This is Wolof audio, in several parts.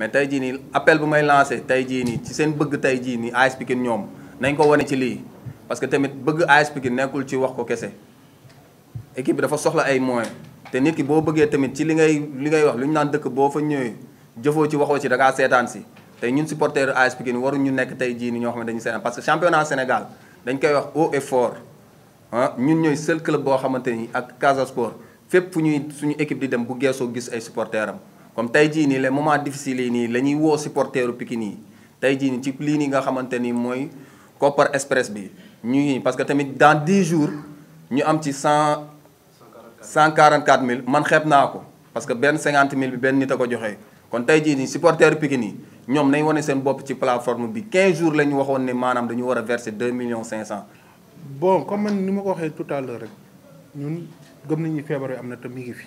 mais tey jii nii appel bu may lancé tey jii nii ci seen bëgg tey jii nii AS Pikine ñoom nañ ko wane ci lii parce que tamit bëgg nekkul ci wax ko kese équipe bi dafa soxla ay moyens te nit ki boo bëggee tamit ci li ngay li ngay wax lu ñu naan dëkk boo fa ñëwee jëfoo ci waxoo ci da ngaa seetaan si tey ñun supporter AS Pikine waruñu nekk tey jii nii ñoo xam ne dañu seetaan parce que championnat Sénégal dañ koy wax haut et fort ah ñun ñooy seul club boo xamante ni ak Casa Sport fépp fu ñuy suñu équipe di dem bu geesoo gis ay supporter am comme tey ni les moments difficiles yi nii la ñuy woo supporteru Pikine yi tey ci li ni nga xamanteni moy mooy Express bi ñu parce que tamit dans 10 jours ñu am ci 144 000 man xeeb naa ko parce que ben 50 000 bi ben nit a ko joxee kon tey ni nii supporteru Pikine yi ñoom nañ wane seen bopp ci plateforme bi 15 jours lañu waxone waxoon manam dañu wara verser 2 millions 500. bon comme man ni ma ko waxé tout à l'heure rek ñun gëm nañu février amna am te mi ngi fi.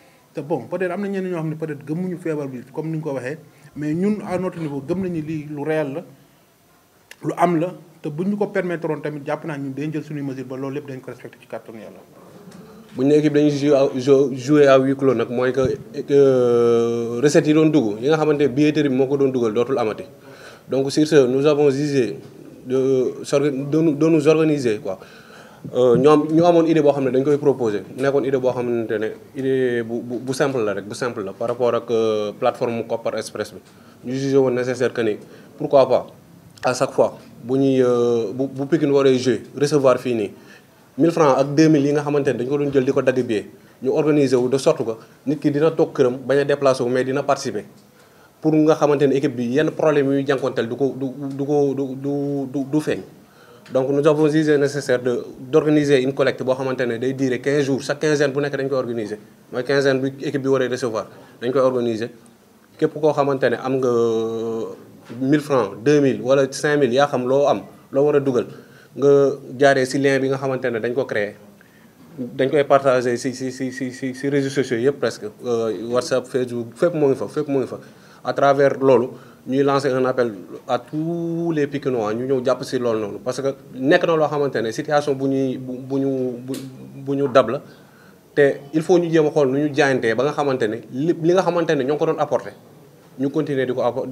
te bon peut-être am na ñenn ñoo xam ne peut-être gëmuñu feebar bi comme ni nga ko waxee mais ñun à notre niveau gëm nañu lii lu réel la lu am la te buñ ñu ko permettre woon tamit jàpp naa ñun dañ jël suñu mesure ba loolu lépp dañ ko respecté ci carton yàlla. bu ñu ne équipe dañuy joué à huis clos nag mooy que euh, recettes yi doon dugg yi nga xamante ne billetterie bi moo ko doon dugal dootul amati donc sur ce nous avons jugé de de nous organiser quoi. Euh, ñoom ñu amoon idée boo xam ne dañ koy proposé mu nekkoon idée boo xamante ne idée bu bu simple la rek bu simple la par rapport ak euh, plateforme Kopar Express bi ñu jugé woon nécessaire que pour pourquoi pas à chaque fois bu ñuy euh, bu bu Pikine waree jouer recevoir fii nii 1000 francs ak 2000 yi nga xamante ne dañ ko doon jël di ko dagg billet ñu wu de sorte que nit ki dina toog këram bañ déplacé wu mais dina participer pour nga xamante ne équipe bi yenn problème yu jànkonteel du ko du du ko du du du feeñ donc nous avons c'est nécessaire d'organiser une collecte de 15 jours chaque quinzaine bu organiser quinzaine recevoir organiser 1000 euh, francs 2000 5000 am partager ci réseaux sociaux presque euh, WhatsApp Facebook à travers l'eau ñuy lancer un appel à tous les Pikinois ñu ñëw jàpp si loolu noonu parce que nekk na loo xamante situation bu ñuy bu bu ñu te il faut ñu jéem a xool nu ñu jaayantee ba nga xamante ne li li nga xamante ne ñoo apporter ñu continuer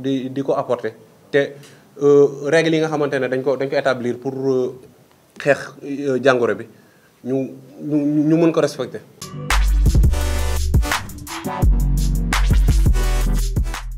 di ko apporter te euh, règle nga xamantene dañ ko dañ ko établir pour euh, xeex euh, jàngoro bi ñu ñu ñu mën ko respecter.